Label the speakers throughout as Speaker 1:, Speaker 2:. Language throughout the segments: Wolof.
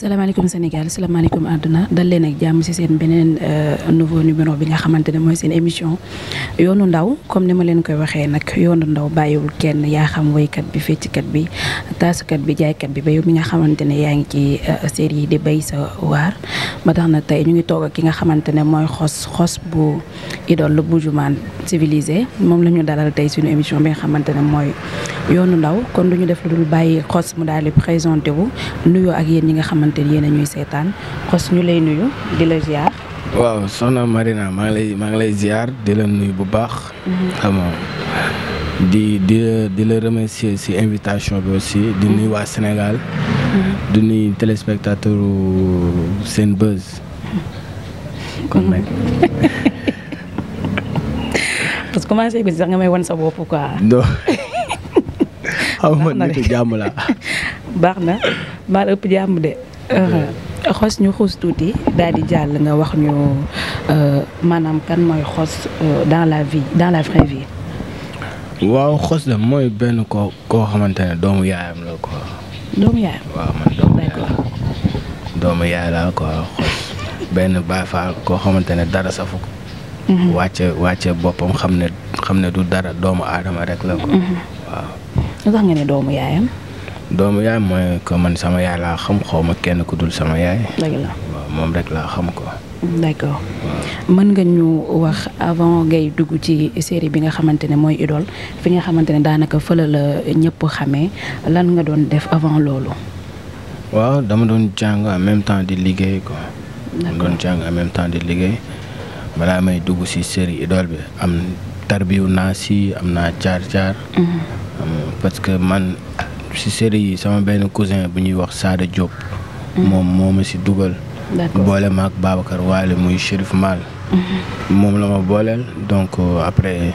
Speaker 1: salaamaaleykum Sénégal salaamaaleykum àdduna dal leen ak jàmm ci seen beneen euh, nouveau numéro bi nga xamante ne mooy seen émission yoonu ndaw comme ni ma leen koy waxee nag yoonu ndaw bàyyiwul kenn yaa xam woykat bi fecckat bi taasukat bi jaaykat bi ba yow nga xamante ne yaa ngi ci euh, série di bay sa waar ba na tey ñu ngi toog ak ki nga xamante ne mooy xos xos bu idole lu bu jumaan moom la ñu dalal tey suñu émission bi nga xamante ne mooy yoonu ndaw kon du ñu def lu dul bàyyi xos mu daal présenté wu nuyoo ak yéen ñi nga xamante xamante ni yéen a ñuy seetaan xos lay nuyu di la ziar.
Speaker 2: waaw soxna Marina maa ngi lay maa ngi lay ziar di la nuyu bu baax. Mhm. xam di di la remercier ci invitation bi aussi di mhm. nuyu waa Sénégal. Mhm. di nuyu téléspectateur seen buzz. kon nag. parce
Speaker 1: que commencé bi nga may wan sa bopp quoi.
Speaker 2: non
Speaker 1: baax na maa ëpp jàmm de. Euh, xos ñu xos tuuti daal di jàll nga wax ñu euh, maanaam kan mooy xos euh, dans la vie dans la vraie vie.
Speaker 2: waaw xos la mooy benn koo koo xamante ne doomu yaayam la ko doomu yaayam waaw man doomu yaayam doomu yaay la xos benn baay faal koo xamante ne dara safu ko. Mhm. wàcce wàcce boppam xam ne xam ne du dara doomu aadama rek la ko. Mhm. waaw.
Speaker 1: lu tax nga ne doomu yaayam.
Speaker 2: doomu yaay mooy ko man sama yaay laa xam xaw ma kenn ku dul sama yaay. dëgg waaw moom rek laa xam ko.
Speaker 3: d'accord
Speaker 1: mën nga ñu wax avant ngay dugg ci série bi nga xamante ne mooy Idole fi nga xamante ne daanaka fële la ñëpp xamee lan nga doon def avant loolu.
Speaker 2: waaw dama doon jàng en même temps di liggéey ko dama doon jàng en même temps di liggéey balaa may dugg ci série Idole bi am tarbiw naa si am naa jaar jaar. Mhm. parce que man. si séri yi sama benn cousin bu ñuy wax Sada Diop.
Speaker 3: Mm-hmm. moom
Speaker 2: moo ma si dugal. boole ma ak Babacar Waale muy Chérif Mal.
Speaker 3: Mm-hmm.
Speaker 2: moom la ma booleel donc euh, après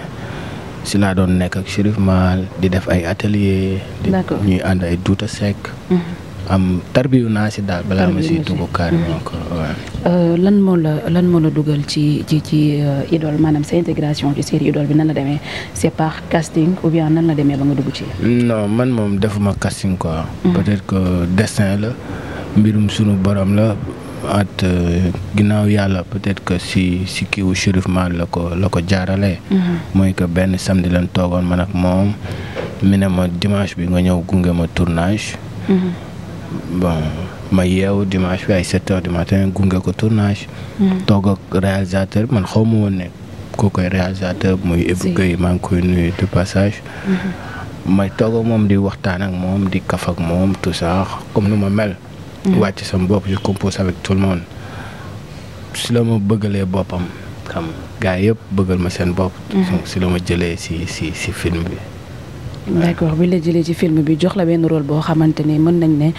Speaker 2: si laa doon nekk ak Chérif Mal di def ay atelier. di ñuy ànd ay Douta Seck. Mm-hmm. am tarbiyu naa si daal balaa ma siy dugg carrément ko mhm.
Speaker 1: euh, lan moo la lan moo la dugal ci ci ci euh, idole maanaam sa intégration ci série idole bi nan la demee c'est par casting ou bien nan la demee ba nga dugg ci.
Speaker 2: non man moom defuma casting quoi. Mhm. peut-être que destin la mbirum sunu borom la. at euh, ginnaaw yàlla peut-être que si si kiwu Chérif Mal la ko la ko jaaralee. Mhm. mooy que benn samedi lañ toogoon man ak moom mi ne ma dimanche bi nga ñëw gunge ma tournage. bon may yeewu dimanche bi ay sept heures du matin gunge ko tournage. Hmm. toog ak man xaw ma woon ne koo koy réalisateur muy évoqué maa ngi koy nuyu de passage.
Speaker 3: Hmm.
Speaker 2: may toog moom di waxtaan ak moom di kaf moom tout ça comme nu ma mel. Hmm. wàcc sama bopp je compose avec tout le monde si la ma bëggalee boppam xam gaa yëpp bëggal ma seen bopp. si la si film
Speaker 1: d'accord bi la jëlee ci film bi jox la benn rôle boo xamante ne mën nañ ne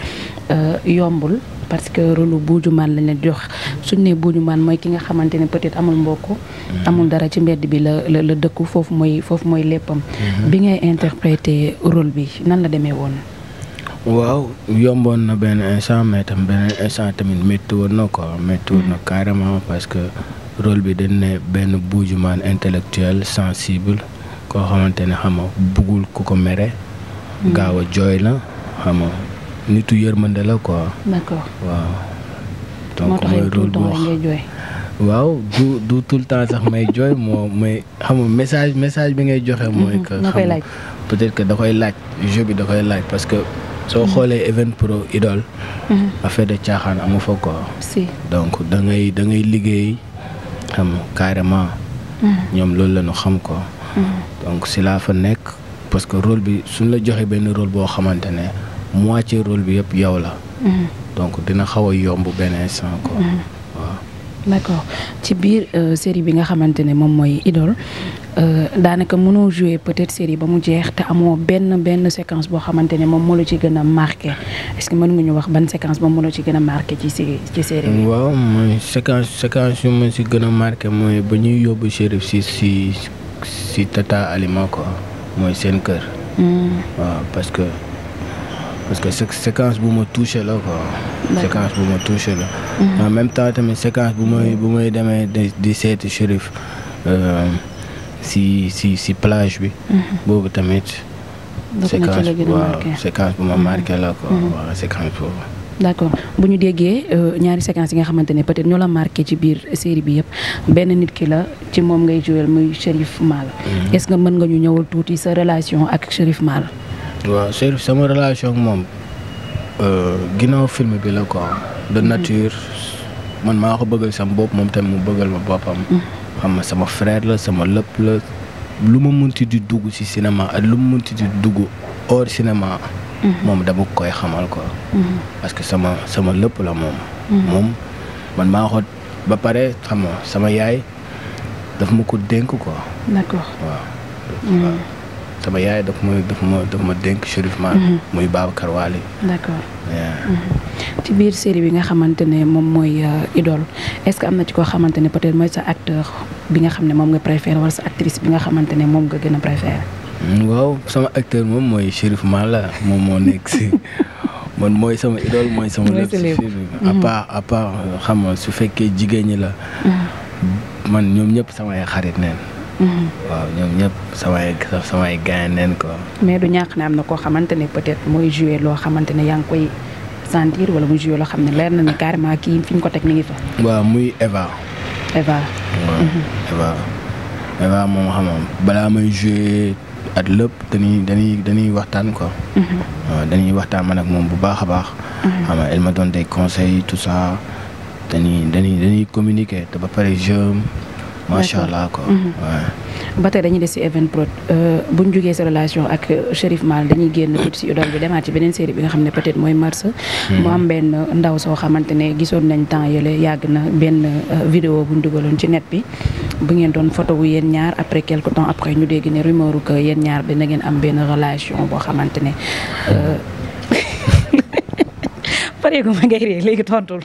Speaker 1: euh, yombul parce que rôle buuju maan lañ ne jox suñ ne buuju maan mooy ki nga xamante ne peut-être amul mbokk amul dara ci mbedd bi la la dëkku foofu mooy foofu mooy léppam mm-hmm. bi ngay interpréter rôle bi nan la demee woon
Speaker 2: waaw yomboon na benn instant mais tam tamit métti woon na ko métti woon na mm. carrément parce que rôle bi dañ ne benn buujumaan intellectuel sensible koo xamante ne xam nga buggul ku ko mere. Mm. gaaw a jooy la xam nga yërmande la quoi. d'accord waaw. du du le temps sax may jooy moo may xam message message bi ngay joxe. mooy mm-hmm. que xam peut-être que da koy laaj jeu bi da koy laaj parce que. soo mm-hmm. xoolee event pro idole. Mm-hmm. affaire de caaxaan amu fa quoi. si donc da liggéey xam carrément. ñoom loolu la xam quoi. donc si laa fa nekk parce que rôle bi suñ la joxe benn rôle boo xamante ne moitié rôle bi yëpp yow la. donc dina xaw a yomb benn instant quoi.
Speaker 3: Mm-hmm. waaw. d'accord
Speaker 1: ci biir euh, série bi nga xamante ne moom mooy Idole euh, daanaka mënoo jouer peut-être série ba mu jeex amoo benn benn séquence boo xamante ne moom moo la ci gën a marqué est que mën nga ñu wax ban séquence moom moo la ci gën a marqué ci série ci série bi.
Speaker 2: waaw mooy yu ma si gën a marqué mooy ba ñuy yóbbu Chérif si si. si tata aliment quoi mooy seen kër. Hmm. waaw parce que parce que séquence bu ma touché la quoi. séquence bu ma touché la. Hmm. en même temps tamit séquence bu may bu may demee di seeti Chérif euh, si si bi. Hmm. boobu tamit. séquence bu ma marqué la quoi waaw séquence boobu.
Speaker 1: d' accord bu ñu déggee euh, ñaari séquence yi nga xamante ne peut-être ñoo la marqué ci biir série bi yëpp benn nit ki la ci moom ngay jouer muy Chérif Maal. Mhm. est-ce que mën nga ñu ñëwal tuuti sa relation ak Chérif Maal.
Speaker 2: waaw Chérif sama relation ak moom euh, ginnaaw film bi la ko de mhm. nature man maa ko bëggal sama bopp moom tamit mu bëggal ma boppam. Mhm. xam ma sama frère la sama lëpp la lu ma mënti di dugg ci cinéma ak lu ma mënti di dugg hors cinéma. moom dama koy xamal ko parce que sama sama lépp la moom moom man maa xot ba pare xam na sama yaay daf ma ko dénk ko
Speaker 1: d'accord waaw
Speaker 2: sama yaay daf ma daf ma ma dénk Chérif Mar muy Babacar Wali
Speaker 1: ci biir série bi nga xamante ne moom mooy euh, idole est-ce que am na ci ko xamante ne peut-être mooy sa acteur bi nga xam ne moom nga préféré wala sa actrice bi nga xamante ne moom nga gën a préféré
Speaker 2: waaw sama acteur moom mooy Chérif la moom moo nekk si man mooy sama idole mooy sama lépp si film mhm. su fekkee jigéen ñi la mhm. man ñoom ñëpp samay xarit neen mhm. waaw ñoom ñëpp samay samay gaay neen ko
Speaker 1: mais du ñàkk ne am na koo xamante ne peut-être mooy joué loo xamante ne yaa ngi koy sentir wala mu joué loo xam ne leer na ne carrément kii fi ko teg mi ngi fa
Speaker 2: waaw muy Eva Eva waaw Eva Eva moom xam balaa may joué at lépp dañuy dañuy dañuy waxtaan ko mhm. waaw waxtaan man ak moom bu baax a baax. Mhm. xam nga elle me donne des conseils tout dañuy communiquer te ba pare jeune. macha allah quoi mhm.
Speaker 1: ba tey dañuy des si Even Prod euh, bu ñu jugee sa relation ak Chérif Mal dañuy génn tuuti si idole bi demaat ci beneen série bi nga xam ne peut-être mooy mars. mu am benn ndaw soo xamante ne gisoon nañ temps yële yàgg na benn euh, vidéo bu ñu ci net bi. bu ngeen doon photo wu yéen ñaar après quelque temps après ñu dégg ne rumeur que yéen ñaar bi na am benn relation boo xamante ne euh, pareegu ma ngay ree léegi tontul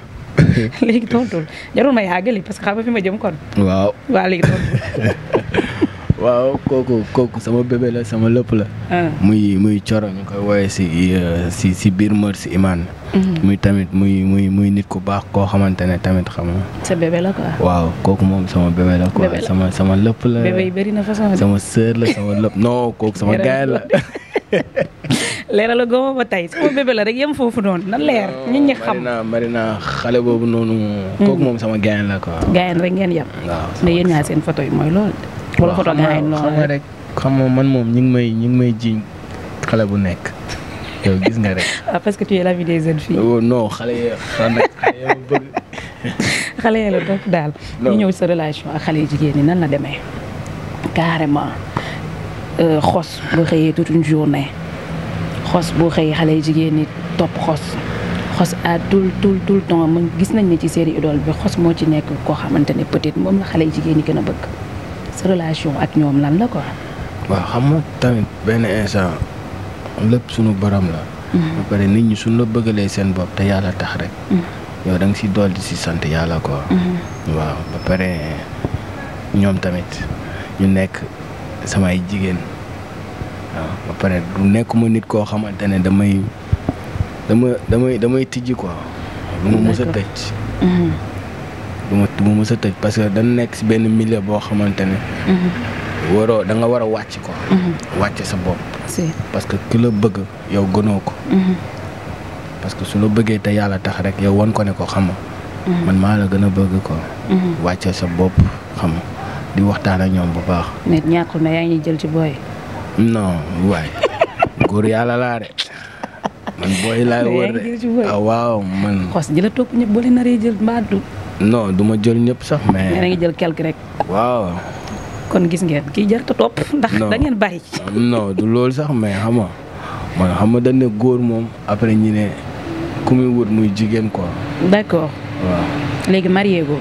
Speaker 1: léegi tontul jarul ma parce que xam nga fi ma jëm kon waaw waaw léegi tontul
Speaker 2: waaw kooku kooku sama bébé la sama lëpp la. Ah. muy muy coro ñu koy woowee si euh, si si biir mër imaan. Mhm. muy tamit muy muy muy nit ku baax koo xamante ne tamit xam nga.
Speaker 1: bébé la quoi. waaw
Speaker 2: kooku moom sama bébé la quoi sama sama lëpp la. bébé sama sœur la sama lëpp noo kooku sama gaay la.
Speaker 1: leeral la góobo ba tey sama bébé la rek yem na leer ñun ñi xam
Speaker 2: Marina Marina xale boobu noonu. moom mhm. sama gaay la wala photo gars yi xam nga rek xam nga man moom ñu ngi may ñu ngi may jiiñ xale bu nekk yow gis nga rek. ah
Speaker 1: parce que tu es l'ami des jeunes filles. Oh, no xale yee xale yee la toog daal. ñu ñëw sa relation ak xale yi jigéen ñi nan la demee. carrément euh, xos boo xëyee toute une journée xos boo xëyee xale yu jigéen ñi topp xos. xos à tout tout tout le temps gis nañ ne ci série idole bi xos moo ci nekk koo xamante ne peut-être moom la xale yi jigéen ñi gën a bëgg. sa relation ak ñoom lan la ko
Speaker 2: waa xam nga tamit benn instant lépp sunu borom la. Mm-hmm. ba pare nit ñi suñu la bëggalee seen bopp te yàlla tax rek.
Speaker 3: Mm-hmm.
Speaker 2: yow da si dool di si sant yàlla quoi. Mm-hmm. waaw ba pare ñoom tamit ñu nekk samay jigéen waaw ba pare du nekkuma nit koo xamante ne damay dama damay damay tijji quoi. lu ma mës a tëj. bu ma bu sa tëj parce que dañ nekk si benn milieu boo xamante ne. Mhm. waroo da nga war a wàcc ko. Mhm. sa bopp. parce que ki bëgg yow gënoo ko. Mhm. que su bëggee te yàlla tax rek yow wan ko ne ko xam man maa la gën a bëgg ko. wàcce sa bopp xam di waxtaan ak ñoom bu baax.
Speaker 1: nit ñàkkul na yaa ngi jël ci booy.
Speaker 2: non waay góor yàlla laa de man booy laay ah, waaw man. xos ji topp ñëpp boo naree jël mbaa non du ma jël ñëpp sax mais. mais da nga
Speaker 1: jël quelque rek. waaw. kon gis ngeen kii jarta topp. ndax da ngeen bari.
Speaker 2: non du loolu sax mais xam nga man xam góor moom après ñi ne ku muy jigéen quoi.
Speaker 1: d'accord. waaw léegi marié goo.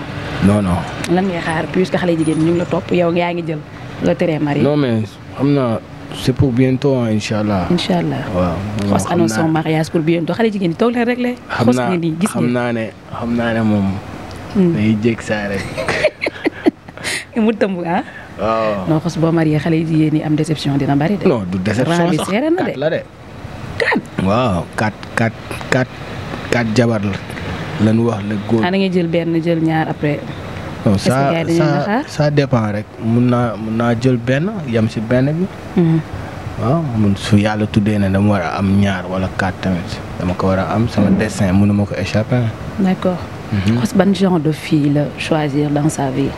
Speaker 1: non non. ngay xaar puisque xale jigéen ñu ngi la topp yow yaa ngi jël la teree marié. non
Speaker 2: mais xam naa c'est pour bientôt ah incha allah. incha allah waaw. xos annonce son
Speaker 1: mariage pour bientôt xale xam naa
Speaker 2: ne xam naa ne moom. Hmm. dañuy jég saa rek.
Speaker 1: mu tëmb ah.
Speaker 2: waaw non xos boo marié xale yi jigéen ñi am déception dina bari de. non du déception sax kat la de. kat waaw kat kat kat kat jabar la. lan wax la góor xanaa
Speaker 1: nga jël benn jël ñaar après.
Speaker 2: non ça rek mun naa mun naa jël benn yem si benn bi. Hmm. waaw mun su yàlla tuddee ne dama war am ñaar wala quatre tamit dama ko war am sama hmm. destin mënuma ko échapper. d'accord. xos mm-hmm.
Speaker 1: ban genre de fille la choisir dans vie.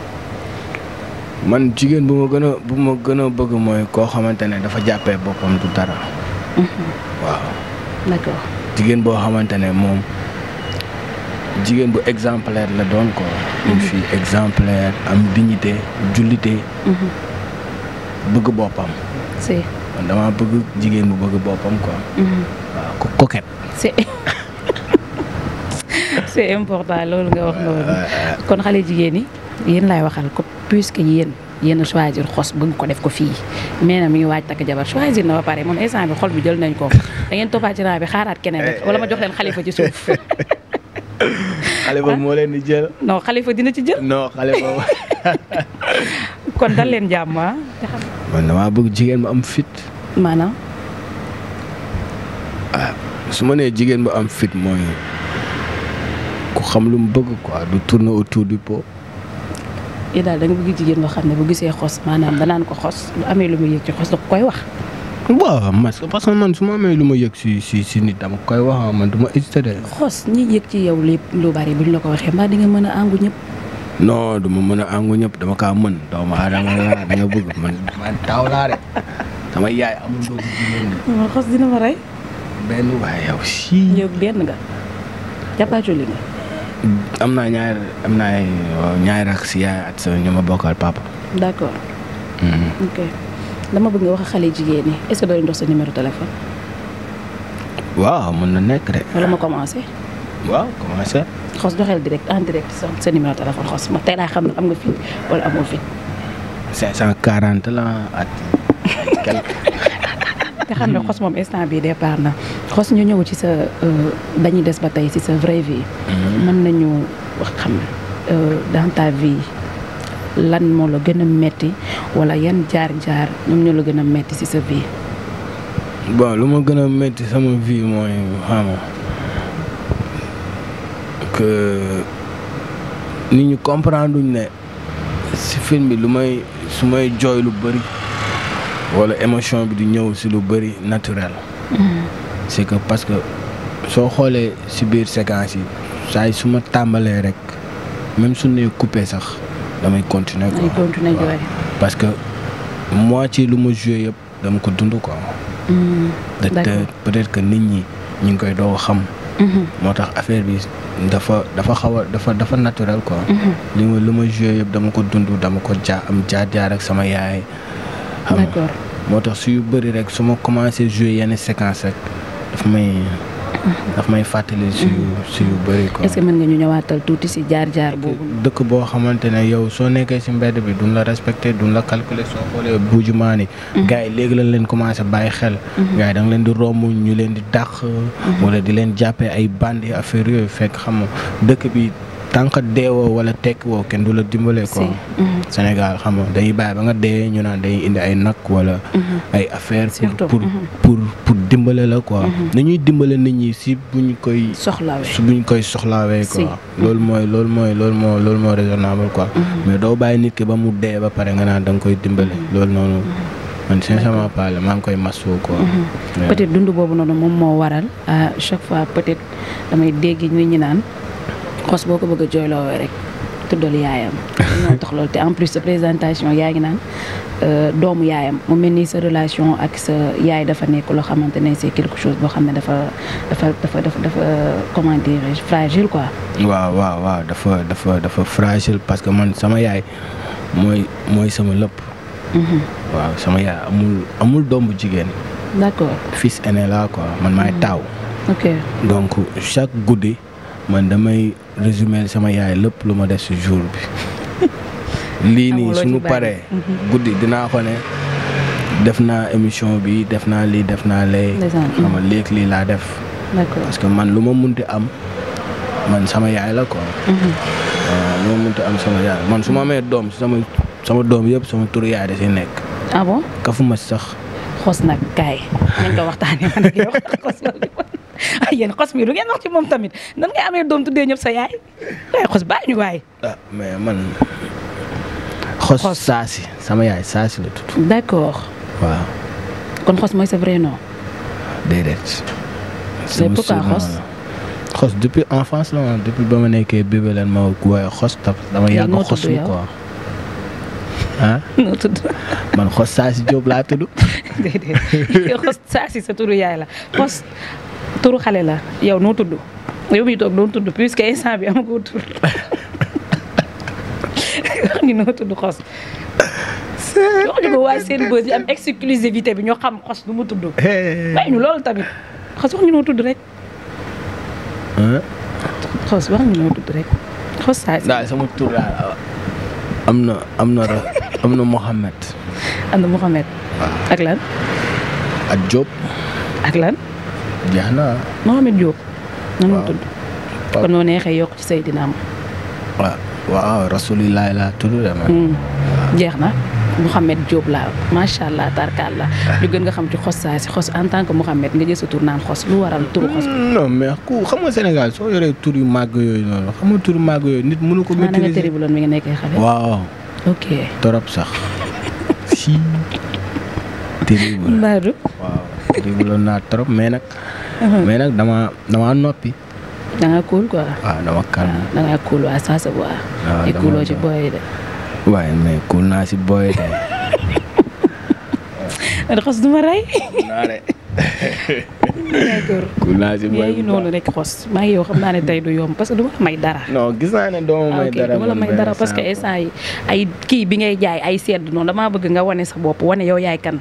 Speaker 2: man jigéen bu ma gën a gën a bëgg mooy koo xamante ne dafa jàppee boppam du dara.
Speaker 3: Mm-hmm. waaw.
Speaker 2: jigéen boo xamante ne moom jigéen bu exemplaire la doon ko mm-hmm. une fille exemplaire am dignité jullite. bëgg boppam. man damaa bëgg jigéen bu bëgg boppam ko coquette.
Speaker 1: c'est important loolu nga wax loolu kon xale jigéen yi yéen laay waxal ko puisque yéen yéen a choisir xos bëgg ko def ko fii mais mi ngi waaj takk jabar choisir na ba pare moom instant xol bi jël nañ ko da ngeen toppaat ci bi xaaraat keneen wala ma jox leen xalifa ci suuf.
Speaker 2: xalifa ah. jël.
Speaker 1: non xalifa dina ci jël.
Speaker 2: non xalifa
Speaker 1: kon dal leen jàmm ah.
Speaker 2: man damaa bëgg jigéen bu am fit. maanaam. Ah, su ma nee jigéen bu am fit mooy. ku xam lu mu bëgg ko du tourner autour du pot.
Speaker 1: yéen daal da nga bëgg jigéen boo xam ne bu gisee xos maanaam naan ko xos lu amee lu ma yëg ci
Speaker 2: koy wax. waaw man parce que man su ma amee lu ma yëg si si nit dama koy wax ah, man du ma hésité de.
Speaker 1: xos ñi yëg ci yow lépp lu bari buñ la ko waxee mbaa di nga mën a àngu ñëpp.
Speaker 2: non du ma mën a àngu ñëpp dama kaa mën doomu aadama laa bëgg man man taaw laa rek sama yaay amul doomu jigéen
Speaker 1: xos dina ma rey.
Speaker 2: benn waaye yow si.
Speaker 1: yow benn nga jàppaatoo li nga.
Speaker 2: am naa ñaar am naa ñaari rak si yaay at sa ñu ma bokkal papa.
Speaker 1: d' accord. Mm-hmm. ok dama bëgg nga wax xale jigéen ñi est ce que doo leen dox sa numéro téléphone.
Speaker 2: waaw mën na nekk de. wala ma commencé. waaw commencé.
Speaker 1: xos doxeel direct en direct sa sa numéro téléphone xos ma tey laa xam ne am nga fi wala amoo fi.
Speaker 2: 540 la at quelque.
Speaker 1: te xam ne xos moom instant bi départ na xos ñu ñëw ci sa euh, dañuy des ba tey ci sa vraie vie.
Speaker 2: Mm-hmm. mën
Speaker 1: nañu wax xam euh, dans ta vie lan moo la gën a metti wala yan jaar-jaar ñoom ñoo la gën a metti ci sa vie.
Speaker 2: bon lu ma gën a metti sama vie mooy xam que nit ñu comprendre duñ ne ci film bi lu may su may jooy lu bari. wala émotion bi di ñëw si lu bëri naturel. Mm-hmm. c' est que parce que soo xoolee si biir séquence yi saa yi su ma tàmbalee rek même su nee coupé sax damay continuer ko parce que moi ci lu ma joué yëpp dama ko dund ko
Speaker 3: mm-hmm. d'
Speaker 2: peut-être que nit ñi ñu ngi koy doo xam. Mm-hmm. moo tax affaire bi dafa dafa xaw dafa dafa naturel quoi. li ma lu ma joué yëpp dama ko dund dama ko jaa am jaar jaar ak sama yaay. xam nga moo tax su yu bëri rek su ma commencé jouer yenn séquence rek daf may. daf may fàttali si yu si yu bëri quoi.
Speaker 1: est-ce que mën nga ñu ñëwaatal tuuti si jaar jaar boobu.
Speaker 2: dëkk boo xamante ne yow soo nekkee si mbedd bi duñ la respecté duñ la calculer soo xoolee bujumaa ni. Mhm. gars yi léegi lañ leen commencé bàyyi xel. Mhm. gars yi leen di romb ñu leen di dàq. Mhm. wala di leen jàppee ay bandi affaire yooyu fekk xam nga dëkk bi. tant que deewoo wala tekkiwoo kenn du la dimbale ko mm-hmm. Sénégal xam nga dañuy bàyyi ba nga dee ñu naan dañuy indi ay nag wala mm-hmm. ay affaire pour mm-hmm. pour pour dimbale la quoi ñuy dimbale nit ñi si buñ koy
Speaker 1: soxlawee si
Speaker 2: buñ koy soxlawee quoi loolu mooy loolu mooy loolu moo loolu moo raisonnable quoi mais doo bàyyi nit ki ba mu dee ba pare nga naan da nga koy dimbale loolu noonu man sincèrement parlé maa ngi koy masu ko peut-être
Speaker 1: boobu noonu moom moo waral euh, chaque fois peut-être damay dégg ñu ñu naan xos boo ko bëgg a jooyloowee rek tuddal yaayam. ñoo en plus sa présentation yaa ngi naan euh, doomu yaayam mu mel ni sa relation ak sa yaay dafa nekk loo xamante ne c'est quelque chose boo xam ne dafa dafa dafa dafa euh, comment fragile quoi.
Speaker 2: waaw dafa dafa dafa fragile parce que man sama yaay mooy mooy sama lëpp mm-hmm. waaw sama yaay amul amul doom bu jigéen. d'accord fils aîné la quoi man maay mm-hmm. taaw. ok donc chaque guddi. man damay résumer sama yaay lépp lu ma des si jour bi. lii nii suñu paree. Mhm. guddi dinaa ko def naa émission bi def naa lii def naa lay. xam lii laa def. parce que man lu ma munti am man sama yaay la quoi. Mhm. am sama man su ma amee doom sama sama doom yëpp sama turu yaay da si nekk. Ah kafuma sax.
Speaker 1: xos nag kaay
Speaker 2: nañ ko waxtaanee
Speaker 1: man ak yow xos ay yéen xos mi lu ngeen wax ci moom tamit nan ngay amee doom tuddee ñëpp sa yaay waaye xos bàyyi ñu waay.
Speaker 2: ah mais man xos. saasi sama yaay saasi la tudd. d'accord. waaw.
Speaker 1: kon xos mooy sa vrai nom. déedéet. c'est pourquoi xos.
Speaker 2: xos depuis ma xos
Speaker 1: sa turu yaay la xos. turu xale la yow noo tudd yow miy toog doon tudd puisque instant bi amagoo tur wax ni tudd xos. wax ñu ko waa seen bës yi bi ñoo xam xos nu mu tudd. bàyyi ñu loolu tamit xos wax ñu noo tudd rek. xos tudd rek xos saa
Speaker 2: si. sama tur am na am na am na Mohamed. na Mohamed. ak lan. ak Diop. jeex na Mohamed Diop.
Speaker 1: nan ci Seydina am.
Speaker 2: laa tudd hmm.
Speaker 1: jeex na. Mouhamed Diop laa macha allah tarkaal la ñu gën nga xam ci xos saa si xos en tant que Mouhamed nga jël sa tur naan xos lu waral turu xos.
Speaker 2: Hmm, non ku xam Sénégal soo yoree tur yu màgg yooyu noonu xam nga tur yu màgg yooyu nit mënu
Speaker 1: nekkee xale. waaw. ok
Speaker 2: torop sax si. tëri bu loon nag. Mhm. mais nag dama damaa noppi.
Speaker 1: da ngaa cool quoi.
Speaker 2: waaw ah, dama calme ah, da ngaa ah, ci booy de. waaye mais cool naa si booy de.
Speaker 1: man xos du ma rey. noonu rek xos maa ngi yow xam naa ne tey du yoom parce que la may dara. non gis naa ne doo may dara du ma que instant yi ay kii bi ngay jaay ay sedd noon damaa bëgg nga wane sa bopp wane yow yaay kan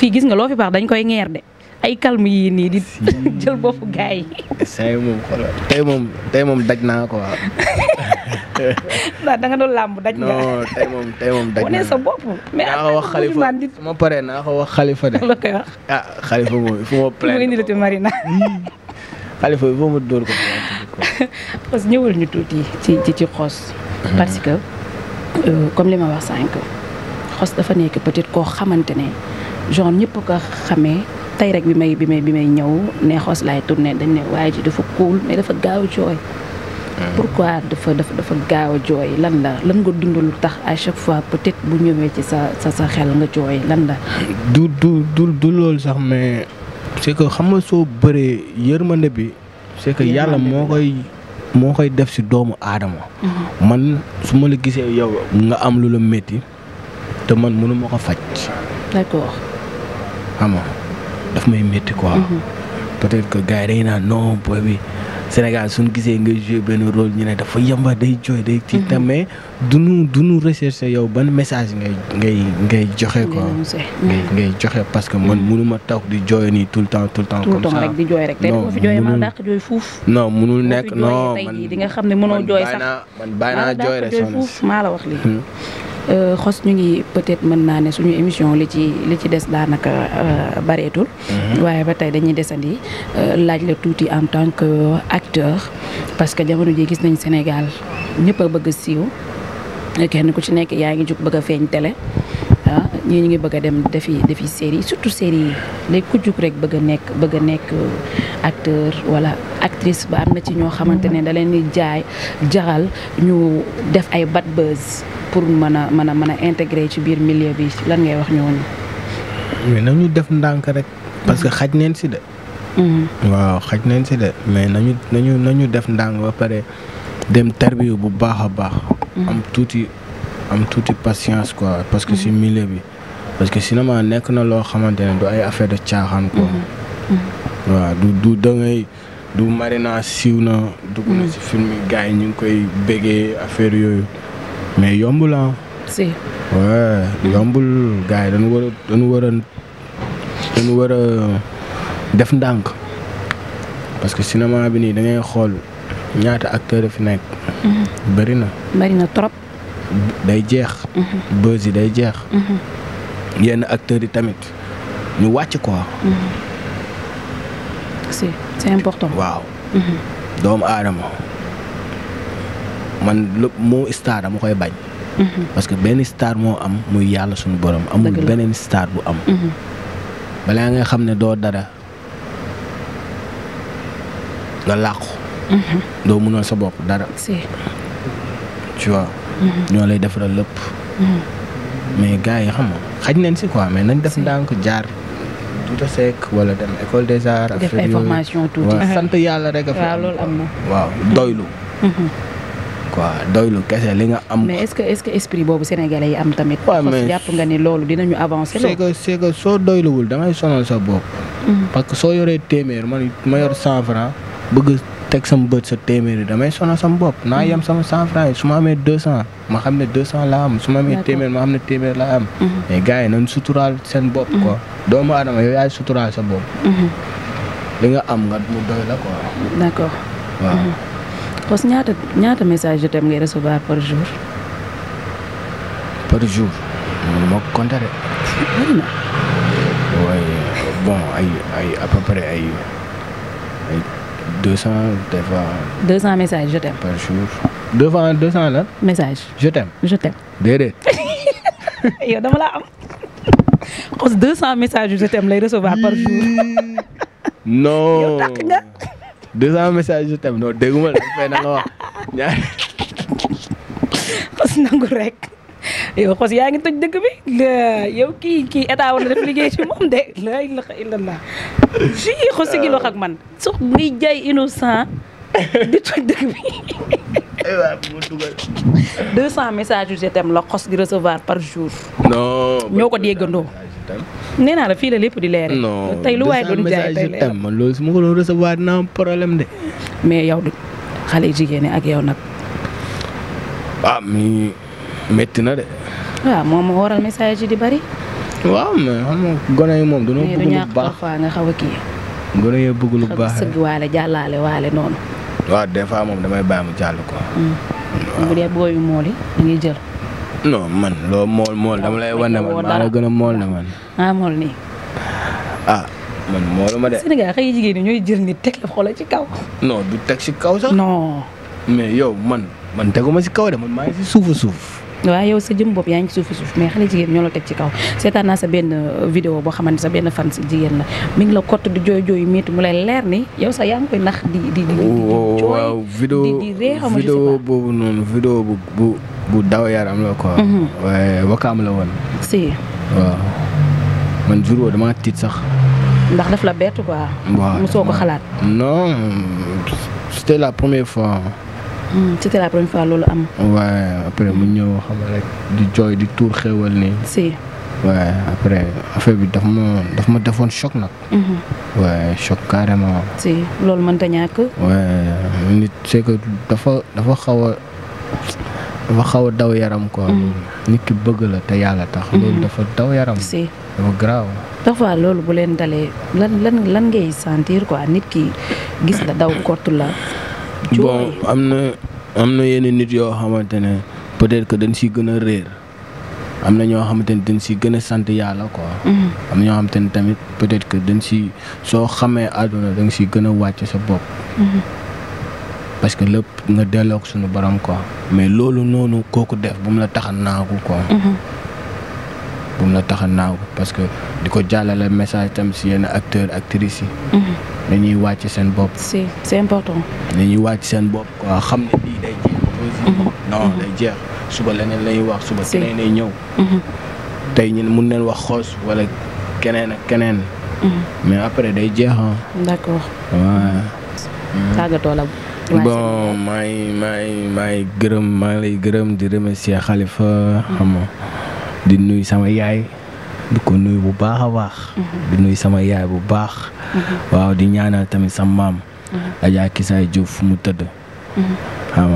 Speaker 1: fii gis nga loofi fi baax dañ koy ngeer de. ay calme yii nii di jël boppu gars yi.
Speaker 2: saa moom xoolal tey moom daj naa quoi.
Speaker 1: ndax danga nga doon làmb daj nga. non
Speaker 2: tey moom daj naa sa
Speaker 1: bopp. mais naa ko wax xalifa
Speaker 2: su ma naa ko wax xalifa de. la koy wax ah xalifa moom il faut ma
Speaker 1: plaindre. ko. xos ñëwal ñu tuuti ci ci ci xos. Mhm. parce que euh, comme li ma wax sànq xos dafa nekk peut-être koo xamante ne genre ñëpp ko xamee. tey rek bi may bi may bi may ñëw ne xos laay tourné dañ ne waaye ji dafa cool mais dafa gaaw a jooy. Ah. pourquoi dafa dafa dafa gaaw a jooy lan la lan nga dund lu tax à chaque fois peut-être bu ñëwee ci sa sa sa xel nga jooy lan la.
Speaker 2: du du du du loolu sax mais c'est xam nga soo bëree yërmande bi. c'est que yàlla moo koy moo koy def si doomu aadama. Mhm. man su ma la gisee yow nga am lu la métti te man mënu ko faj. d'accord. xam nga daf may métti quoi. Mhm. peut-être que gars yi dañuy naan bi Sénégal suñu gisee nga joué benn rôle ñu ne dafa yamba day jooy day tiit mhm. mais du nu du nu recherché yow ban message ngay ngay ngay joxe ko ngay mhm. ngay joxe parce que man mënuma toog di jooy nii tout le temps tout le temps. comme ça rek di jooy rek. non mënul non mënul nekk non man.
Speaker 1: di nga xam ne mënoo jooy sax man bàyyi naa jooy rek soxna si maa la wax lii. Hmm. Euh, xos ñu ngi peut-être mën naa ne suñu émission li ci li ci des daanaka euh, bareetul. Mm-hmm. waaye ba tey dañuy desandi euh, laaj la tuuti en tant que acteur parce que jamono ji gis nañ Sénégal ñëpp a bëgg siiw kenn ku ci nekk yaa ngi jug bëgg a feeñ tele ah ñii ñu ngi bëgg a dem defi defi série surtout série yi léegi ku jug rek bëgg a nekk bëgg nekk acteur wala actrice ba am na ci ñoo xamante ne da leen di jaay jaral ñu def ay bad buzz. pour mën a mën a mën a intégrer ci biir milieu bi lan ngay wax ñooñu.
Speaker 2: mais nañu def ndànk rek. parce que xaj neen si de. Mm-hmm. waaw xaj neen si de mais nañu nañu nañu def ndànk ba pare dem tarbiyu bu baax a baax. Mm-hmm. am tuuti am tuuti patience quoi parce que si mm-hmm. millier bi parce que cinéma nekk na loo xamante ne du ay affaire de caaxaan quoi. waaw du du du Marina siiw na. dugg na si film yi gars yi ñu ngi koy bégee affaire yooyu. mais yombul ah. si. yombul gars yi dañu war a dañu war war a def ndànk parce que cinéma bi nii dangay xool ñaata acteurs fi nekk. Mm-hmm. bëri na. trop. day jeex. Mm-hmm. buzz yi day jeex.
Speaker 1: Mm-hmm.
Speaker 2: yenn acteurs yi tamit ñu wàcc quoi. waaw. doomu aadama. man lépp moo star dama koy bañ. Mhm. parce que benn star moo am muy yàlla suñu borom. amul beneen star bu am. Mhm. balaa nga xam ne doo dara nga làqu. Mhm. doo munoo sa bopp dara. tu vois. ñoo lay defaral lépp. mais gars yi xam nga xaj nañ si quoi mais nañ def ndànk jaar. tuuti sec wala dem école des arts. def ay formation tuuti yàlla rek a. waaw doylu. quoi doylu kese li nga am. mais
Speaker 1: est esprit boobu sénégalais am tamit. waaw mais
Speaker 2: soo doyluwul da ngay sonal sa bopp. Mm. parce que soo yoree téeméer man ma yor cent bëgg teg sama sa téeméer yi damay sonal sama bopp. naa mm. yem sama cent franc yi su ma amee deux cent ma xam ne deux cent la am su ma amee ma xam ne téeméer laa am. Mm-hmm. mais gars yi nañ suturaal seen bopp mm-hmm. quoi. doomu aadama yow yaay suturaal sa bopp. Mm-hmm. li nga am nga mu doy waaw.
Speaker 1: parce ñaata ñaata message je t'aime ngay recevoir par jour.
Speaker 2: par jour. moo ko de. bëri na. waaye bon ay ay à peu ay deux cent des
Speaker 1: deux cent messages je t'aime. par
Speaker 2: jour deux fois deux cent la. message je t'aime. je t'aime. déedéet.
Speaker 1: yow deux cent messages je t'aime lay recevoir par jour.
Speaker 2: non deux cent messages je t'aime non dégguma la fay na nga wax ñaar. xos
Speaker 1: nangu rek yow xos yaa ngi toj dëkk bi yow kii kii état war na def liggéey ci moom de la ilaha illallah fii xos gi wax ak man su muy jaay innocent di toj dëkk bi. aywa bu ma dugal. 200 messages yu je t'aime la xos di recevoir par jour.
Speaker 2: non ñoo
Speaker 1: ko déggandoo. nee la fii la lépp di leere tey lu waaye doon jaay tey leer
Speaker 2: man loolu su ma ko doon recevoir naa am de.
Speaker 1: mais yow du xale jigéen ak yow nag.
Speaker 2: ah mi na de.
Speaker 1: waaw ah, moom a waral message yi di bari.
Speaker 2: waaw mais xam nga yi moom dañoo bëgg lu baax nga xaw a kii. gone yi bëgg lu baax sëgg
Speaker 1: waale jàllaale waale
Speaker 2: noonu. waaw des fois moom damay bàyyi mu jàll ko. Mm.
Speaker 1: bu dee booyu mool yi da ngay
Speaker 2: non man loo mool mool dama lay wan ne man maa la gën a mool na man. ah mool nii. ah man mooluma de. Sénégal
Speaker 1: xëy jigéen ñi ñooy jël nit teg la xoolal ci kaw.
Speaker 2: non du teg ci kaw sax. non. mais yow man man teguma ci kaw de man maa ngi ci suufu suuf.
Speaker 1: waa yow sa jëm bopp yaa ngi ci suuf mais xale jigéen ñoo la teg ci kaw seetaan naa sa benn euh, vidéo boo xamante sa benn fan si jigéen la mi ngi la kott di jooy jooy métti mu lay leer ni yow sax yaa ngi koy nax di di di. di
Speaker 2: di jooy di di bu daw yaram la quoi. Mhm. waaye wakaam la woon. si. waaw man jur woo damaa tiit sax.
Speaker 1: ndax daf la bett quoi.
Speaker 2: waaw mosoo ko xalaat. non c'était la fois.
Speaker 1: Hmm, la première fois loolu am.
Speaker 2: waaye après mu ñëw xam rek di jooy di tuur xéwal nii. si. waaye après affaire bi daf ma daf ma defoon choc nag. waaye mhm. choc carrément.
Speaker 1: si loolu mënta ñàkk.
Speaker 2: waaye nit c'est dafa dafa dafa xaw a daw yaram ko mm-hmm. nit ki bëgg la te yàlla tax. Mm-hmm. loolu dafa daw yaram. si dafa garaaw.
Speaker 1: parfois loolu bu leen dalee lan lan lan ngay sentir quoi nit ki gis la daw kort
Speaker 2: la. bon am na am na yenn nit yoo xamante ne peut-être que dañ siy gën a réer am na ñoo xamante ne dañ siy gën a sant yàlla quoi. Mm-hmm. am na ñoo xamante ne tamit peut-être que dañ si soo xamee àdduna dañ siy gën a wàcc sa bopp. parce que lépp nga delloo ko sunu borom quoi mais loolu noonu kooku def bu mu la tax a naagu quoi. Mm-hmm. bu mu la tax a naagu parce que di ko jàllale message tam si yenn acteurs actrices yi. dañuy mm-hmm. wàcc seen bopp.
Speaker 1: si c'est important.
Speaker 2: dañuy wàcc seen bopp quoi xam ne lii mm-hmm. day jeex. suba leneen lay wax suba. si keneen lay ñëw. tey ñun mun nañ wax xoos wala keneen ak keneen. mais après day jeex ah. la. bon maa ngi maa ngi gërëm maa ngi lay gërëm di remercier Khalifa xam nga di nuyu sama yaay di ko nuyu bu baax a baax mhm. di nuyu sama yaay bu baax
Speaker 3: mhm. waaw
Speaker 2: di ñaanal tamit sa maam mhm. Adja Kisaay Diouf fu mu tëdd xam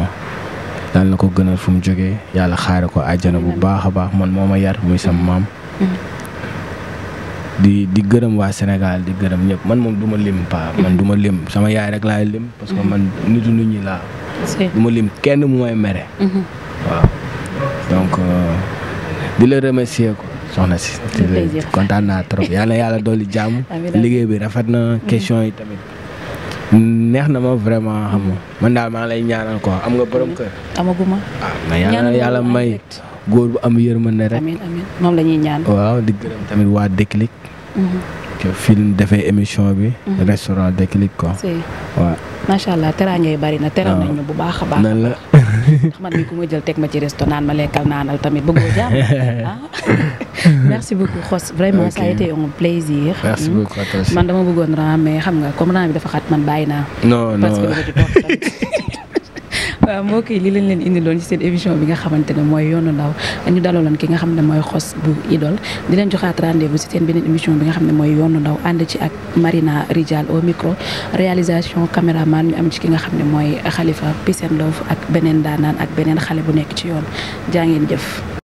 Speaker 2: daal na ko gënal fu mu jógee yàlla xaare ko àjjana bu baax a baax man moo ma yar muy sama maam di di gërëm waa Sénégal di gërëm ñëpp man moom duma ma lim pa man du ma lim sama yaay rek laay lim parce que man nitu nit ñi laa du ma lim kenn mu may mere mm-hmm. waaw donc euh, di la remercier ko soxna si kontaan naa trop yàlla yàlla dolli jàmm liggéey bi rafet na mm-hmm. question yi tamit neex na ma vraiment xam man daal maa lay ñaanal ko am nga borom kër amaguma waaw ah, na yàlla may góor bu am yërmande ma amiin amiin moom la ñuy ñaan. waaw di gërëm tamit waa Déclic. que mhm. fii émission bi. Mhm. restaurant Déclic quoi. waaw
Speaker 1: macha allah teraanga yi bari na teral nañu bu baax a baax. nan ku ma jël teg ma ci resto naan ma lekkal naanal tamit bëggoo jàmm ah. merci beaucoup Xos vraiment okay. a été hmm. xam nga comme ran bi dafa xat man bàyyi naa. non non mbokk yi li leen leen indi loon ci seen émission bi nga xamante ne mooy yoonu ndaw ñu dalaloon ki nga xam ne mooy xos bu idole di leen joxaat rendez-vous ci seen beneen émission bi nga xam ne mooy yoonu ndaw ànd ci ak Marina Rijal o micro réalisation caméraman ñu am ci
Speaker 3: ki nga xam ne mooy Khalifa Pisendoof ak beneen daanaan ak beneen xale bu nekk ci yoon jaa ngeen jëf